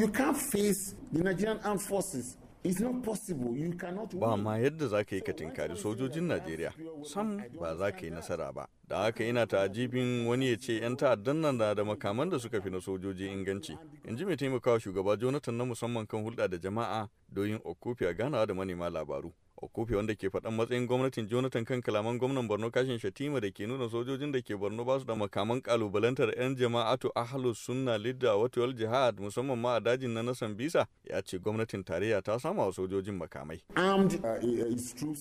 You can't face the Nigerian armed forces. It's not possible. You cannot Ba ma yadda za ka yi ka tinkari sojojin Najeriya, sam ba za ka yi nasara ba. Da haka ina ta'ajibin wani ya ce 'yan ta'addan nan da makaman da suka fi na sojoji inganci. In ji mai taimakawa shugaba Jonathan na musamman kan hulɗa da jama'a doyin okufi a ganawa da manema labaru. kofi wanda ke faɗan matsayin gwamnatin Jonathan kan kalaman gwamnan Borno kashin Shatima da ke nuna sojojin da ke Borno basu da makaman kalubalantar 'yan jama'a jama'atu Ahlus Sunna Lidda Watuwal Jihad musamman ma a dajin na Nasan Bisa ya ce gwamnatin tarayya ta sama wa sojojin makamai. Uh, uh,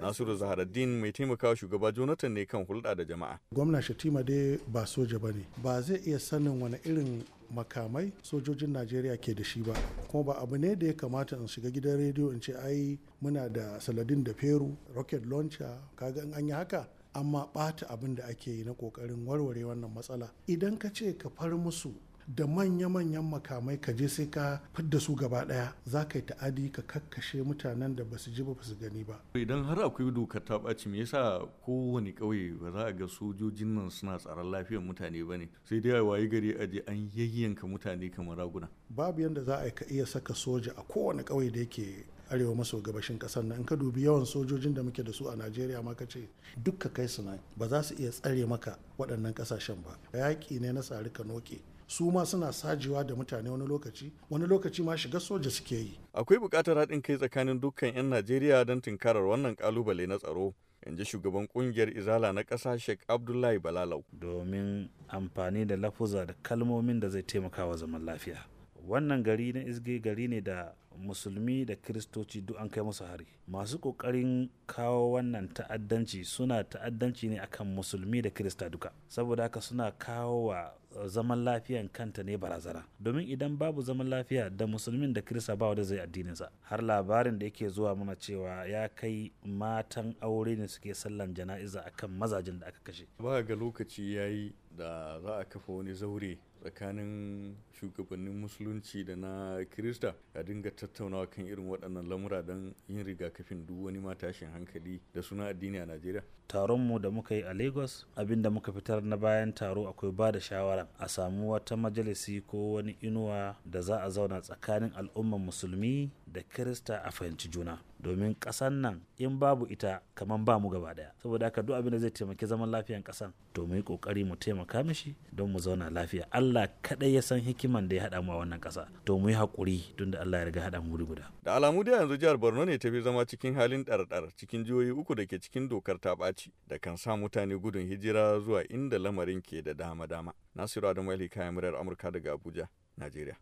Nasiru Zaharaddin mai taimakawa shugaba Jonathan ne kan hulɗa da jama'a. Gwamna Shatima dai ba soja ba ne, ba zai iya sanin wani irin makamai sojojin najeriya ke da shi ba kuma ba abu ne da ya kamata in shiga gidan rediyo in ce ai muna da saladin da peru rocket launcher kaga in an yi haka amma ɓata abin da ake yi na ƙoƙarin warware wannan matsala idan ka ce ka far musu da manya-manyan makamai ka je sai ka fidda su gaba daya za ka yi ta'adi ka kakkashe mutanen da ba su ji ba su gani ba idan har akwai dokar ta ɓaci me yasa kowane ƙauye ba za a ga sojojin nan suna tsaron lafiyar mutane ba ne sai dai a wayi gari a je an yayyanka mutane kamar raguna babu yadda za a iya saka soja a kowane ƙauye da yake arewa maso gabashin kasar nan in ka dubi yawan sojojin da muke da su a najeriya ka ce dukka kai su ba za su iya tsare maka waɗannan ƙasashen ba yaƙi ne na tsari ka noke su ma suna sajewa da mutane wani lokaci wani lokaci ma shiga soja suke yi akwai buƙatar haɗin kai tsakanin dukkan 'yan najeriya don tunkarar wannan kalubale na tsaro in ji shugaban kungiyar izala na ƙasa sheikh abdullahi balalau domin amfani da lafuza da kalmomin da zai taimaka wa zaman lafiya wannan gari na isge gari ne da musulmi da kiristoci duk an kai musu hari masu kokarin kawo wannan ta'addanci suna ta'addanci ne akan musulmi da kirista duka saboda haka suna kawo wa eh, zaman lafiyan kanta ne barazana domin idan babu zaman lafiya da musulmin da kirista ba wanda zai addininsa har labarin da yake zuwa mana cewa ya kai matan aure ne suke sallan jana'iza akan mazajin da aka kashe ba ga lokaci yayi da za a kafa wani zaure tsakanin shugabannin musulunci da na kirista a dinga tattaunawa kan irin waɗannan lamura don yin rigakafin duk wani matashin hankali da suna addini a najeriya taron mu da muka yi a lagos abin da muka fitar na bayan taro akwai ba da shawara a samu wata majalisi ko wani inuwa da za a zauna tsakanin al'ummar musulmi da kirista a fahimci juna domin ƙasan nan in babu ita kamar ba mu gaba daya saboda haka duk abin da zai taimaki zaman lafiyan ƙasan to mu yi ƙoƙari mu taimaka mishi don mu zauna lafiya Allah kaɗai ya san hikiman da ya haɗa mu a wannan ƙasa to mu yi haƙuri tun da Allah ya riga haɗa mu guda. Da alamu da yanzu jihar Borno ne ta fi zama cikin halin ɗarɗar cikin jihohi uku da ke cikin dokar ta ɓaci da kan sa mutane gudun hijira zuwa inda lamarin ke da dama-dama. Nasiru Adamu Ali kayan muryar Amurka daga Abuja, Najeriya.